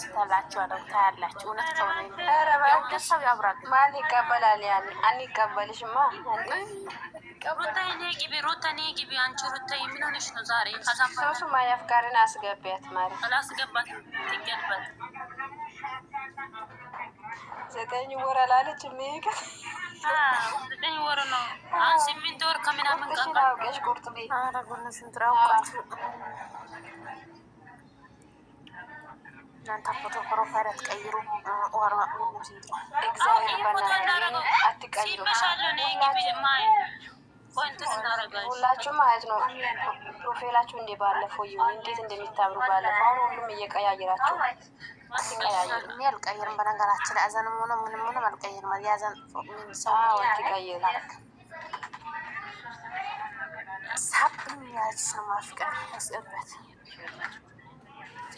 ስትላቸው ነው ታያላችሁ። እውነት ከሆነ ሰው ያብራል። ማን ይቀበላል? ያኔ አንቀበልሽማ። ሩታዬ ነይ ግቢ፣ ሩታ ነይ ግቢ። አንቺ ሩታዬ ምን ሆነሽ ነው ዛሬ? ሱሱማ የአፍቃሪን አስገቢያት ማለት አላስገባት ትገልበት ዘጠኝ ወር አላለች ሚቀት ዘጠኝ ወር ነው። ስምንት ወር ከምናምን ቀን አውቀሽ ቁርጥ ቤት እናንተ ፎቶ ፕሮፋይል አትቀይሩ። ሁላችሁም ማለት ነው ፕሮፋይላችሁ እንደ ባለፈው ይሁን። እንዴት እንደሚታብሩ ባለፈው አሁን ሁሉም እየቀያየራችሁ እኔ አልቀይርም። በነገራችን ላይ አዘንም ሆነ ምንም ሆነ አልቀይርም። ያዘን ሰው ቀይር ሳብ ያጅ ሰማ ፍቅር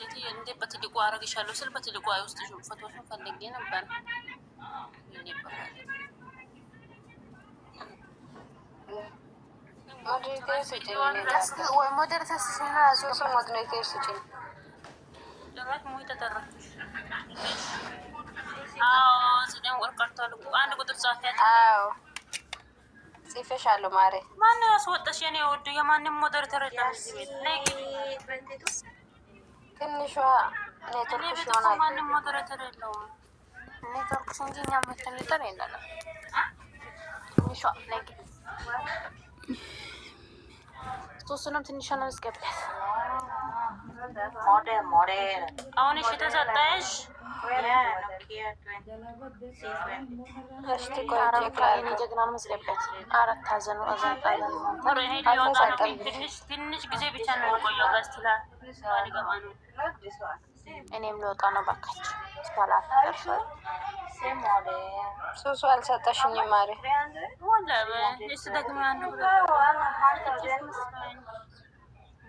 ሴት እንደ በትልቁ አረግሻለሁ ስል በትልቁ ውስጥ ፎቶሽን ፈልጌ ነበር። ማን ያስወጣሽ? የኔ ወዱ የማንም ሞዴሬተር የለም። ትንሿ ኔትወርክሽ ይሆናል። ማንም ሞደሬተር የለውም። ኔትወርክሽ እንጂ እኛ ሞደሬተር የለንም። ትንሿ ነግ ሶስቱንም ትንሿ ነው ያስገቢያት ሞዴ ሞዴ አሁን እሺ ተሰጠሽ እስቲ ቆይ ከእኔ ጀግና መስለበት አራት አዘኑ ትንሽ ጊዜ ብቻ ነው የቆየው። እኔም ልወጣ ነው ባካችሁ። ሱሱ አልሰጠሽኝም ማሪ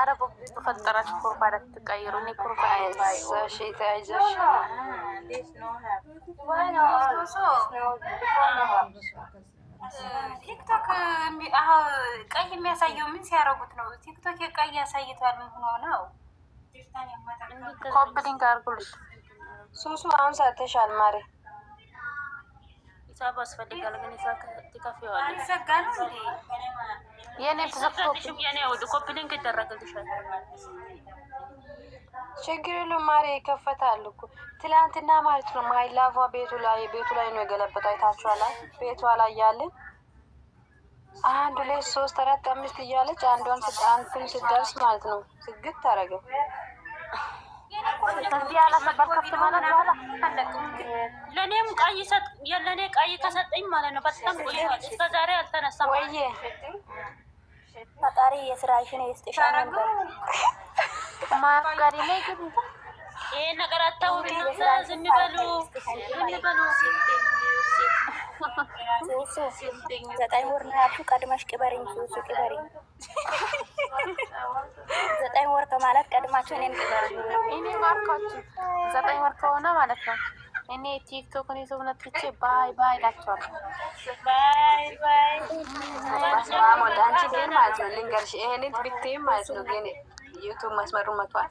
አረ በፈጠራችሁ ፕሮፋይል እኔ ቲክቶክ ቀይ የሚያሳየው ምን ሲያደርጉት ነው? ቲክቶክ ቀይ ያሳይቷል። ምን ሆኖ ነው? አርጉልሽ ሱሱ አሁን ሰተሻል ማሬ ሂሳብ አስፈልጋል፣ ግን ሂሳብ ትከፍይዋለሽ። የእኔ ኮፒ ሊንክ ይደረግልሻል። ችግር የለውም ማሬ፣ ይከፈታል እኮ ትላንትና ማለት ነው። ማይላቫ ቤቱ ላይ ቤቱ ላይ ነው የገለበጠ አይታችኋል። ቤቷ ላይ ያለን አንድ ሁለት ሶስት አራት አምስት እያለች አንዷን አንትን ስደርስ ማለት ነው ስግት ታደረገ እዚህ ለእኔም ቀይ ሰጥ ለእኔ ቀይ ከሰጠኝ ማለት ነው። በጣም ቆይ እስከ ዛሬ አልተነሳም። ወይ ፈጣሪ የስራሽን ይስጥሽ። ማፍቀሪ ላይ ግን ነገር አታውሪ። ዝም በሉ ዝም በሉ ዘጠኝ ወር ነው ያልኩህ። ቀድመሽ ቅበሪኝ ሱሱ ቅበሪኝ። ዘጠኝ ወር ከማለት ቀድማችሁ እኔን ቅበሪኝ። እኔ ማርካችሁ ዘጠኝ ወር ከሆነ ማለት ነው። እኔ ቲክቶክን ይዘውነት ብቻ ባይ ባይ እላቸዋለሁ። ባይ ባይ ማለት ነው። ልንገርሽ ይሄንን ብትይም ማለት ነው ግን ዩቱብ መስመሩን መቷል።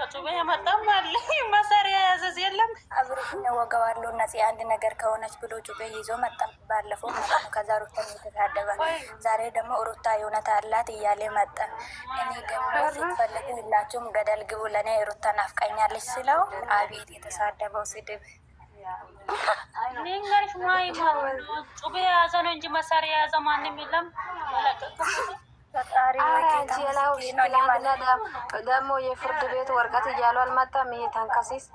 በጡብ የመጣም አለ መሳሪያ ያዘዝ የለም አብሬሽ እንወጋዋለሁ። እነዚህ አንድ ነገር ከሆነች ብሎ ጩቤ ይዞ መጣ። ባለፈው ከዛ ሩታ የተሳደበ ዛሬ ደግሞ ሩታ የእውነት አላት እያለ መጣ። እኔ ደግሞ ስትፈልጉ ሁላችሁም ገደል ግቡ፣ ለእኔ ሩታ ናፍቃኛለች ስለው አቤት የተሳደበው ስድብ ጩቤ የያዘ ነው እንጂ መሳሪያ የያዘ ማንም የለም። ደግሞ የፍርድ ቤት ወረቀት እያሉ አልመጣም። ይሄ ተንከሲስ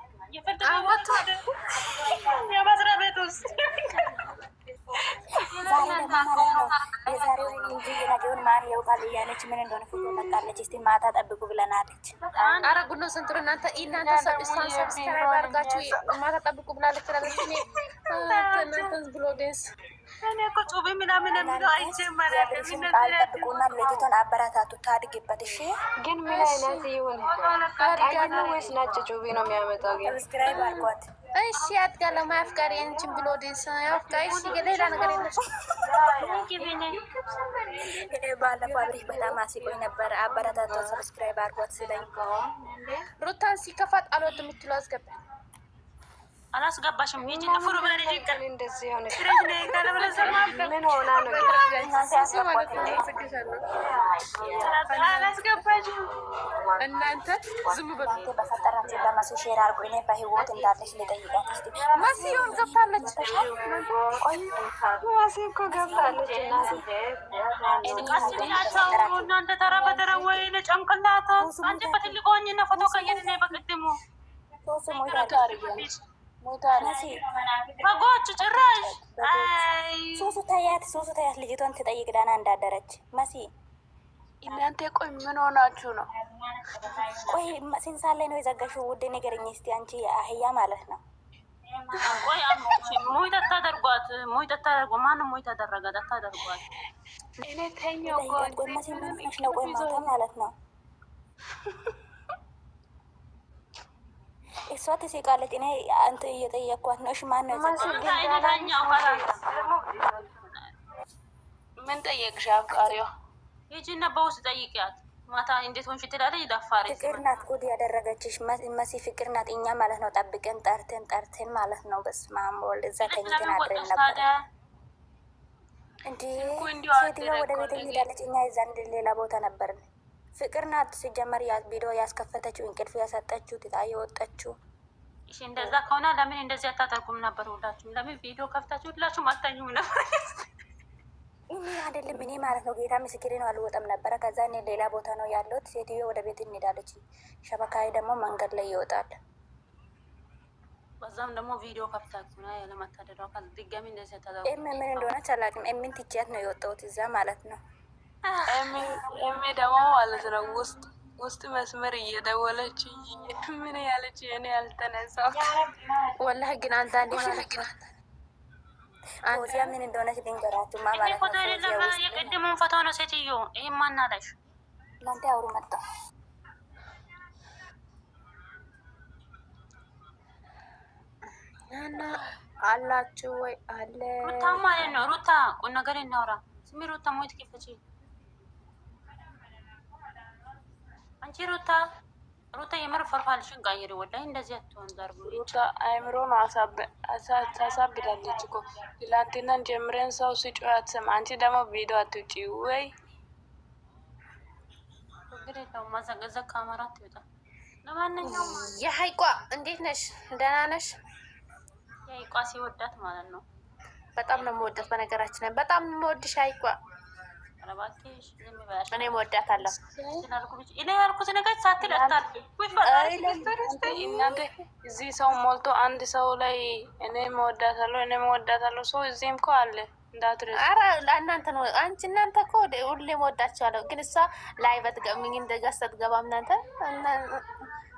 የዛሬውን እንጂ የነገውን ማን ያውቃል እያለች ምን እንደሆነ ፎቶ መጣለች። እስቲ ማታ ጠብቁ ብለናለች። አረ ነው እናንተ እናንተ ሰብስክራይብ አድርጋችሁ ማታ ጠብቁ ብላለች። ብሎ ደስ እኔ እኮ ጩቤ ምናምን የሚለው አይጀመሪያልጠብቁና ልጅቷን አበረታቱ፣ ታድግበት። እሺ ግን ምን አይነት ይሁን ወይስ ነጭ ጩቤ ነው የሚያመጣው? ግን ስክራይብ አድርጓት። እሺ አድጋ ለማያፍቃሪ ንችን ብሎ ደስ ያፍቃ። እሺ ሌላ ነገር የለሽ። ባለፈው አብሬሽ በጣም አስቆኝ ነበረ። አበረታቷ፣ ሰብስክራይብ አድርጓት ስለኝ ሩታን ሲከፋት አልወድ የምትለው አስገባል አላስገባሽም። ይቺ ጥፍሩ በልጅ እንደዚህ ሆነ ምን ሆና ነው አላስገባሽም። እናንተ ዝም በጎቹ ጭራሽ ሱሱ ተያት ሱሱ ተያት ልጅቷን ትጠይቅ ዳና እንዳደረች መሲ እናንተ ቆይ ምን ሆናችሁ ነው ቆይ ስንት ላይ ነው የዘጋሽው ውድ ንገረኝ እስኪ አንቺ አህያ ማለት ነው ቆይ አታደርጓት ሙይት አታደርጉ ማንም ሙይት አደረጋት አታደርጓት እኔ ተኛው ማለት ነው እሷ ትስቃለች። እኔ አንተ እየጠየኳት ነው። እሺ ማን ነው ምን ጠየቅሽ? አፍቃሪዋ ሂጂና በውስጥ ጠይቂያት። ማታ እንዴት ሆንሽ ትላለች። ዳፋሪ ፍቅር ናት ጉድ ያደረገችሽ መሲ ፍቅር ናት። እኛ ማለት ነው ጠብቀን ጠርተን ጠርተን ማለት ነው። በስመ አብ ወልድ እዛ ተኝተን አድረን ነበር። እንዲህ ሴትዮ ወደ ቤት ሄዳለች። እኛ የዛን ሌላ ቦታ ነበርን። ፍቅር ናት ሲጀመር ቪዲዮ ያስከፈተችው እንቅልፍ ያሰጠችው ትጣ የወጠችው። እሺ እንደዛ ከሆነ ለምን እንደዚህ አታደርጉም ነበር? ሁላችሁም ለምን ቪዲዮ ከፍታችሁ ሁላችሁም አታዩም ነበር? እኔ አይደለም እኔ ማለት ነው ጌታ ምስክሬ ነው አልወጣም ነበረ። ከዛ እኔ ሌላ ቦታ ነው ያለሁት። ሴትዮ ወደ ቤት እንሄዳለች፣ ሸበካዬ ደግሞ መንገድ ላይ ይወጣል። በዛም ደግሞ ቪዲዮ ከፍታችሁ ነው ያለማታደዳው። ድጋሚ እንደዚህ ምን እንደሆነ አላውቅም። ምን ትችያት ነው የወጣሁት እዛ ማለት ነው ኤሜ ደግሞ ማለት ነው ውስጥ ውስጥ መስመር እየደወለች ምን ያለች እኔ ያልተነሳው ወላሂ ግን አንዳንዴ ማለት ነው ፎዚያ ምን እንደሆነች ልንገራችሁ ማለት ነው። የቅድሙን ፎቶ ነው ሴትዮ። ይህ ማናለሽ እናንተ አውሩ መጣ እና አላችሁ ወይ አለ ሩታ ማለት ነው። ሩታ ቁም ነገር እናውራ ስሚ ሩታ ሞት ክፍች አንቺ ሩታ ሩታ የምር ፈርፋልሽን ቀይሪ። ወላሂ እንደዚህ አትሆን። ዛርቡ ሩታ አይምሮ ነው ታሳብዳለች እኮ ትላንትናን ጀምረን ሰው ስጩ አትሰማ። አንቺ ደግሞ ቪዲዮ አትውጪ ወይ ማዘገዘ ካሜራ ትወጣ። ለማንኛውም የሀይቋ እንዴት ነሽ? ደህና ነሽ? የሀይቋ ሲወዳት ማለት ነው። በጣም ነው የምወዳት። በነገራችን በጣም ነው የምወድሽ ሀይቋ እኔ እወዳታለሁ እኔ እዚህ ሰው ሞልቶ አንድ ሰው ላይ እኔ እወዳታለሁ እኔ እወዳታለሁ ሰው እዚህም እኮ አለ። እናንተ ነው አንቺ እናንተ እኮ ሁሌ እወዳቸዋለሁ፣ ግን እሷ ላይ በትገምኝ እንደገስ አትገባ እናንተ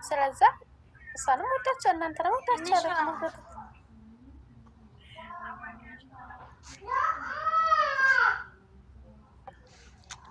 ስለዛ እሷንም እወዳቸዋለሁ እናንተ ነው እወዳቸዋለሁ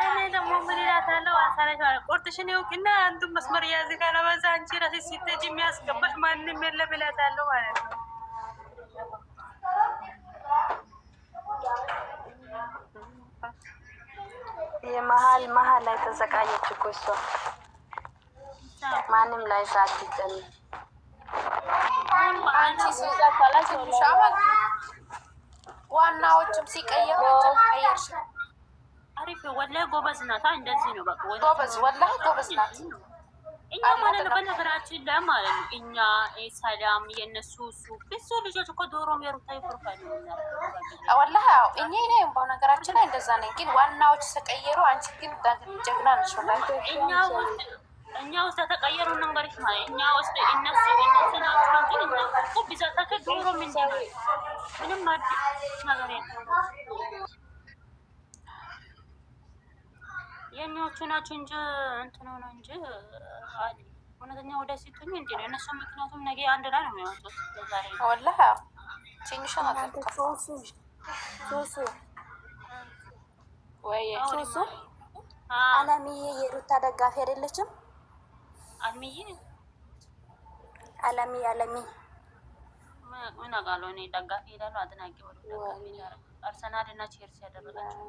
እኔ ደግሞ ምን እላታለሁ? አሳለች ቁርጥሽን እውቅና አንዱን መስመር እያዝ ካለበዛ አንቺ እራስሽ ስትሄጂ የሚያስገባሽ ማንም የለም እላታለሁ ማለት ነው። የመሀል መሀል ላይ ተዘቃየች እኮ እሷ ማንም ላይ ሳትጨምር ዋናዎችም ሲቀየሩ ተቀየርሽ አሪፍ ወላሂ ጎበዝ ናት። እንደዚህ ነው በቃ ጎበዝ ወላሂ ጎበዝ ናት። እኛ ማለት ነው በነገራችን ላይ ማለት ነው እኛ ሰላም የነሱ እሱ ብዙ ልጆች እኮ ዶሮ ሜሩታ ይፈርፋሉ። ወላሂ ያው እኔ ነ በነገራችን ላይ እንደዛ ነኝ፣ ግን ዋናዎች ተቀየሩ። አንቺ ግን ጀግና ነች ወላሂ እኛ ውስጥ እኛ ውስጥ ተቀየሩ ነገሮች ማለት እኛ ውስጥ እነሱ እነሱ ናቸው እንጂ እኛ ብዛታቸው ዶሮ ምንድን ምንም አዲስ ነገር የለም። ሆናችሁ ናችሁ እንጂ እንትን ሆነ እንጂ እውነተኛ ወደ ሲትኝ እንዲ ነው እነሱ። ምክንያቱም ነገ አንድ ላይ ነው የሚወጡት። አለምዬ የሩታ ደጋፊ አይደለችም። አለምዬ አለምዬ አለምዬ ምን አውቃለሁ እኔ ደጋፊ ይላሉ አድናቂ አርሰናል እና ቼልሲ ያደረጋቸው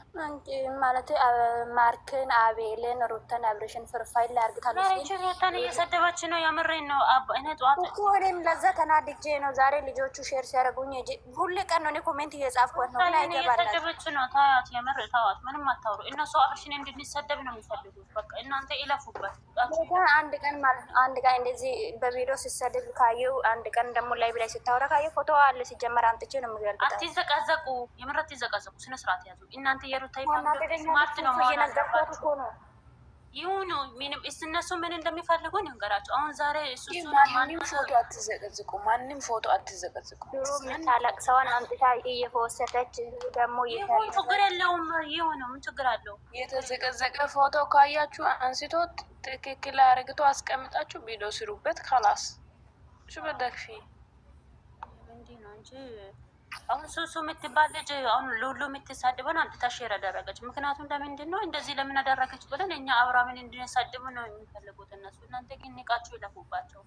ማለት ማርክን፣ አቤልን፣ ሩተን፣ አብሬሽን ፍርፋይል አርግታለች። ሩተን እየሰደበች ነው። የምሬን ነው። እኔ ጠዋት እኮ እኔም ለዛ ተናድጄ ነው ዛሬ ልጆቹ ሼር ሲያደርጉኝ ሁሌ ቀን ነው እኔ ኮሜንት እየጻፍኩት ነው። እየሰደበች ነው። ታያት፣ የምር ታዋት። ምንም አታውሩ እነሱ። አብሬሽን እንድንሰደብ ነው የሚፈልጉት። በቃ እናንተ ይለፉበት። አንድ ቀን ማለት አንድ ቀን እንደዚህ በቪዲዮ ሲሰደብ ካየው፣ አንድ ቀን ደግሞ ላይ ብላይ ስታወራ ካየው ፎቶ አለ ሲጀመር አምጥቼ ነው የሚገልጠው። አትዘቀዘቁ፣ የምር አትዘቀዘቁ። ስነስርዓት ያዙ እናንተ ይሁኑ ምንም እነሱ ምን እንደሚፈልጉ ንገራቸው። አሁን ዛሬ እሱ ማንም ፎቶ አትዘቀዝቁ፣ ማንም ፎቶ አትዘቀዝቁ። የምታለቅሰውን አምጥታ እየፈወሰተች ደግሞ ችግር የለውም። ይሁኑ ምን ችግር አለው? የተዘቀዘቀ ፎቶ ካያችሁ አንስቶ ትክክል አርግቶ አስቀምጣችሁ ቪዲዮ ስሩበት። ካላስ እሱ በደግፊ ነው እንጂ አሁን ሱሱ የምትባል ልጅ አሁን ሉሉ የምትሳድበን አንድ ሼር አደረገች። ምክንያቱም ለምንድን ነው እንደዚህ ለምን አደረገች ብለን እኛ አብራምን እንድንሳድብ ነው የሚፈልጉት እነሱ። እናንተ ግን ንቃችሁ ይለፉባቸው።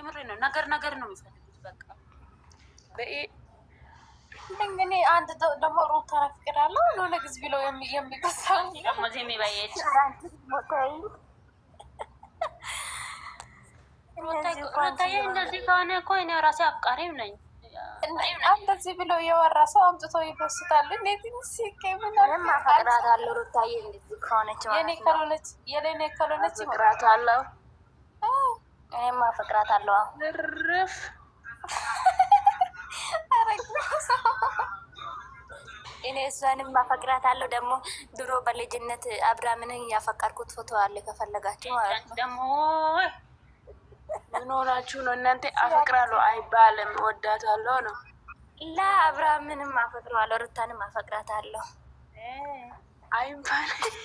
የምሬ ነው። ነገር ነገር ነው የሚፈልጉት። በቃ እኔ አንድ ደግሞ ሩታ ረፍቅዳለሁ ለሆነ ጊዜ ብሎ የሚገሳው የሚባየች ሩታ እንደዚህ ከሆነ እኮ እኔ ራሴ አፍቃሪም ነኝ እንደዚህ ብሎ እየወራ ሰው አምጥቶ ይበስታል። እንዴት ሲቄ ምናፍቅራታለሁ። ሩታዬ እንደዚህ ከሆነች የኔ ካልሆነች የኔ ካልሆነች እፈቅራታለሁ። እኔማ እፈቅራታለሁ። ርፍ እኔ እሷንም አፈቅራታለሁ። ደግሞ ድሮ በልጅነት አብራምንን ያፈቀርኩት ፎቶ አለ ከፈለጋችሁ ማለት ነው ደግሞ ምኖራችሁ ነው እናንተ? አፈቅራለሁ አይባልም፣ እወዳታለሁ ነው። ላ ለአብርሃምንም አፈቅረዋለሁ፣ ሩታንም አፈቅራታለሁ። አይባል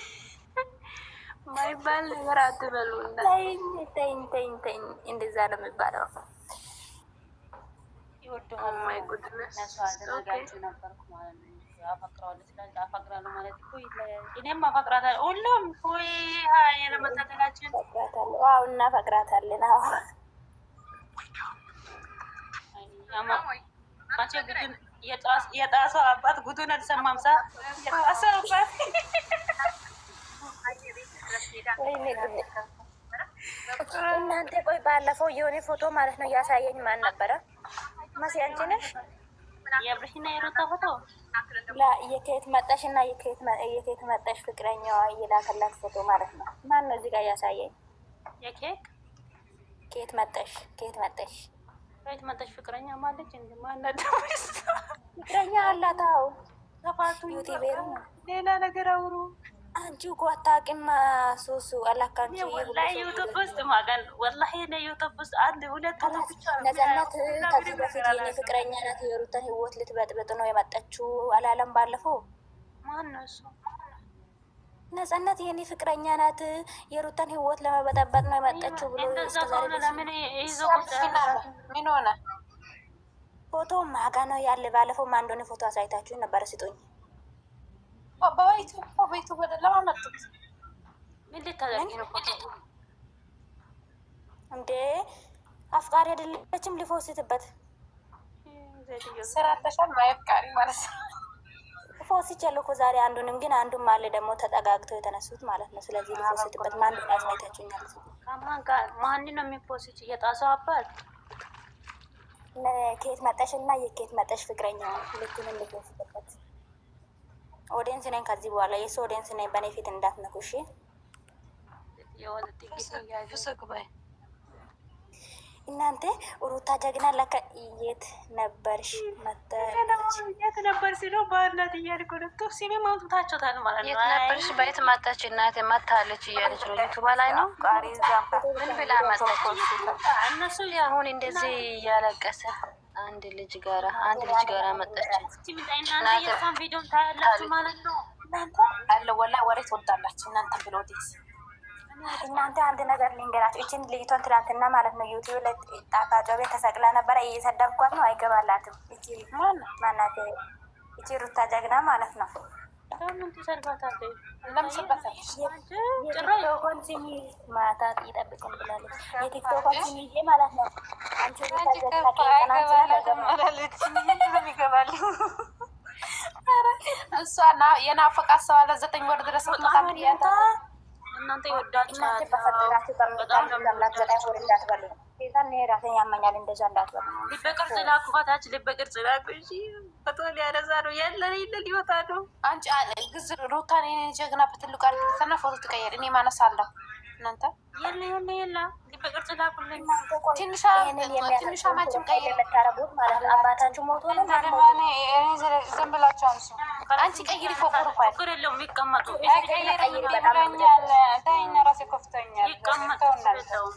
ማይባል ነገር አትበሉ። ተይኝ ተይኝ ተይኝ ተይኝ፣ እንደዛ ነው የሚባለው። ማይ ይወድሁ ማይቁድነስ ነበርኩ ማለት ነው አፈቅረዋለሁ ስላለ እናፈቅራታለን። የጣሰው አባት ጉዱን አልሰማም። ሳ የጣሰው አባት እናንተ ቆይ፣ ባለፈው የሆነ ፎቶ ማለት ነው ያሳየኝ ማን ነበረ? መሲ የብርሽና የሮታ ፎቶ የከየት መጣሽ እና የከየት መጣሽ ፍቅረኛዋ እየላከላት ፎቶ ማለት ነው። ማን ነው እዚህ ጋር ያሳየኝ? የኬክ ከየት መጣሽ ከየት መጣሽ ከየት መጣሽ ፍቅረኛ ማለች እንጂ ማናደ ፍቅረኛ አላት። አዎ ሌላ ነገር አውሩ አንቺ እኮ አታውቂም። አላካንቺ ወላሂ ዩቱብ ውስጥ ወላሂ ዩቱብ ውስጥ አንድ ሁለት ነጻነት ከዚህ በፊት የኔ ፍቅረኛ ናት የሩተን ህይወት ልትበጥበጥ ነው የመጣችው አላለም። ባለፈው እሱ የኔ ፍቅረኛ ናት የሩተን ህይወት ለመበጠበጥ ነው የመጣችው ብሎ ፎቶ ማጋ ነው ያለ። ባለፈው ማንዶኔ ፎቶ አሳይታችሁ ነበረ ስጡኝ በቤቱ በቤቱ ወደ ለማመጡት ምን ልታደርጊ ነው? እንዴ አፍቃሪ አይደለችም? ሊፎስትበት ስራተሻል ማያፍቃሪ ማለት ነው። ፎስት ያለው እኮ ዛሬ አንዱንም ግን አንዱን ማለ ደግሞ ተጠጋግተው የተነሱት ማለት ነው። ስለዚህ ሊፎስትበት ማን ያስማይታችኛል? ማን ነው የሚፖስት እየጣሰው አባት ከየት መጣሽ እና የከየት መጣሽ ፍቅረኛ ነው ሁለቱንም ሊፎስትበት ኦዲንስ ነኝ። ከዚህ በኋላ የሱ ኦዲንስ ነኝ። በእኔ ፊት እንዳትነኩ እሺ። እናንተ ሩታ ጀግና ለካ የት ነበርሽ? የት ነበር ሲሉ በእናት እያልኩ ልክ ሲኒ ማውጣታቸውታል ማለት ነው። የት ነበርሽ? በየት መጣች? እናቴ መታለች እያለች ነው። ዩቱባ ላይ ነው። ምን ብላ መጣች? እነሱ አሁን እንደዚህ እያለቀሰ አንድ ልጅ ጋራ አንድ ልጅ ጋራ መጣች። ወላሂ ወሬ ትወዳላችሁ እናንተ ብሎ እናንተ አንድ ነገር ልንገራችሁ። እችን ልጅቷን ትናንትና ማለት ነው ዩቲዩብ ላይ ጣፋጮ ቤት ተሰቅላ ነበረ። እየሰደብኳት ነው። አይገባላትም። እቺ ማናት? እቺ ሩታ ጀግና ማለት ነው ሳምንት ይሰርባታል። ለምሰባታች ቲክቶኳን ስሚ ማታ ይጠብቅም ብላለች። የቲክቶኳን ስሚ ማለት ነው። አንቺ እሷ የናፈቃት ሰው አለ ዘጠኝ ወር ድረስ እናንተ ይወዳችኋል። ፎቶ ሊያነሳ ነው ያለ ይለ ሊወጣ ነው። አንቺ ግዝ ሩታን ጀግና በትልቁ አርግተና ፎቶ ትቀየር። እኔ ማነሳ እናንተ የለ የለ የለ በቅርጽ ላኩልኝ። ትንሿ ማችን ማለት ዝም ብላችሁ አንሱ። አንቺ ቀይሪ ፎቶ ይቀመጡ። ቀይር ራሴ ይቀመጡ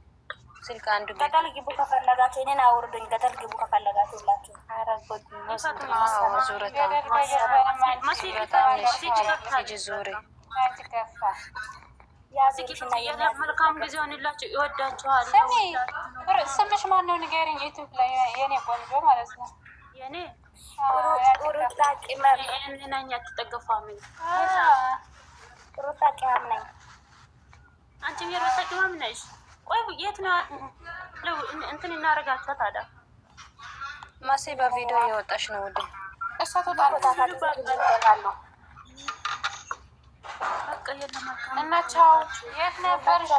ስልክ አንዱ ገጠር ግቡ ከፈለጋችሁ እኔን አውርዱኝ። ገጠር ግቡ ከፈለጋችሁ መልካም ጊዜ ሆንላችሁ። ይወዳችኋል። ስምሽ ማነው? ንገሪኝ። ዩቱብ ላይ የኔ ቆንጆ ማለት ነው የኔ ነኝ። አትጠገፋም ሩጣ ቅመም ነኝ። አንቺም የሩጣ ቅመም ነሽ። ቆይ የት ነው እንትን እናደርጋቸው ታዲያ? ማሴ በቪዲዮ እየወጣች ነው። ውድ እና ቻው። የት ነበርሽ?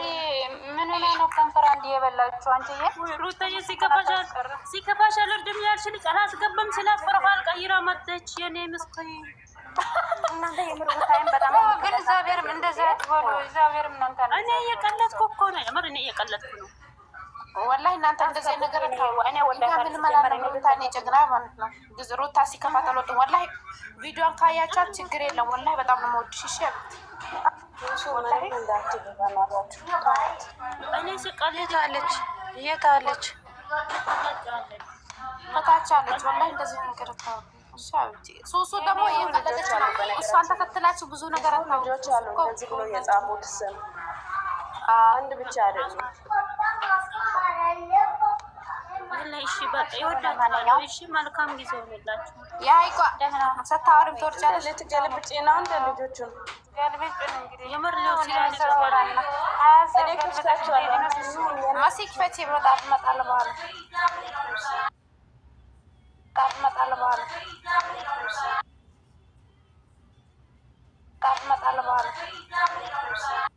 ምን ላይ ነው ከንፈር አንድ የበላችሁ? አንቺ ሩታዬ ሲከፋሽ አልወርድም ያልሽ ልጅ አላስገባም ስላት ፈርፋል ቀይራ መጠች የኔ ምስኪን እናንተ የምር ብታይም በጣም ግን እግዚአብሔርም እንደዚያ ትሆኑ። እግዚአብሔርም እናንተ እኔ እየቀለጥኩ እኮ ነው፣ የምር እኔ እየቀለጥኩ ነው። ወላሂ እናንተ እንደዚህ ነገር እኔ ምን መላታ እኔ ጀግና ማለት ነው። ሩታ ሲከፋት አልወጡም። ወላሂ ቪዲዮን ካያቻት ችግር የለም። ወላሂ በጣም ነው የምወድሽ። እሺ እኔ ስቀልድ አለች የት አለች ከታች አለች። ወላሂ እንደዚህ ነገር ሶስቱ ደግሞ እየፈለገች ነው። እሷን ተከትላችሁ ብዙ ነገር ልጆች አሉ እንደዚህ ብሎ የጻፉት ስም አንድ ብቻ አይደለም። መልካም ጊዜ ሆንላችሁ። ስታወሪም ትወርጃለሽ። ነው काट मसाला बाल काट मसाला बाल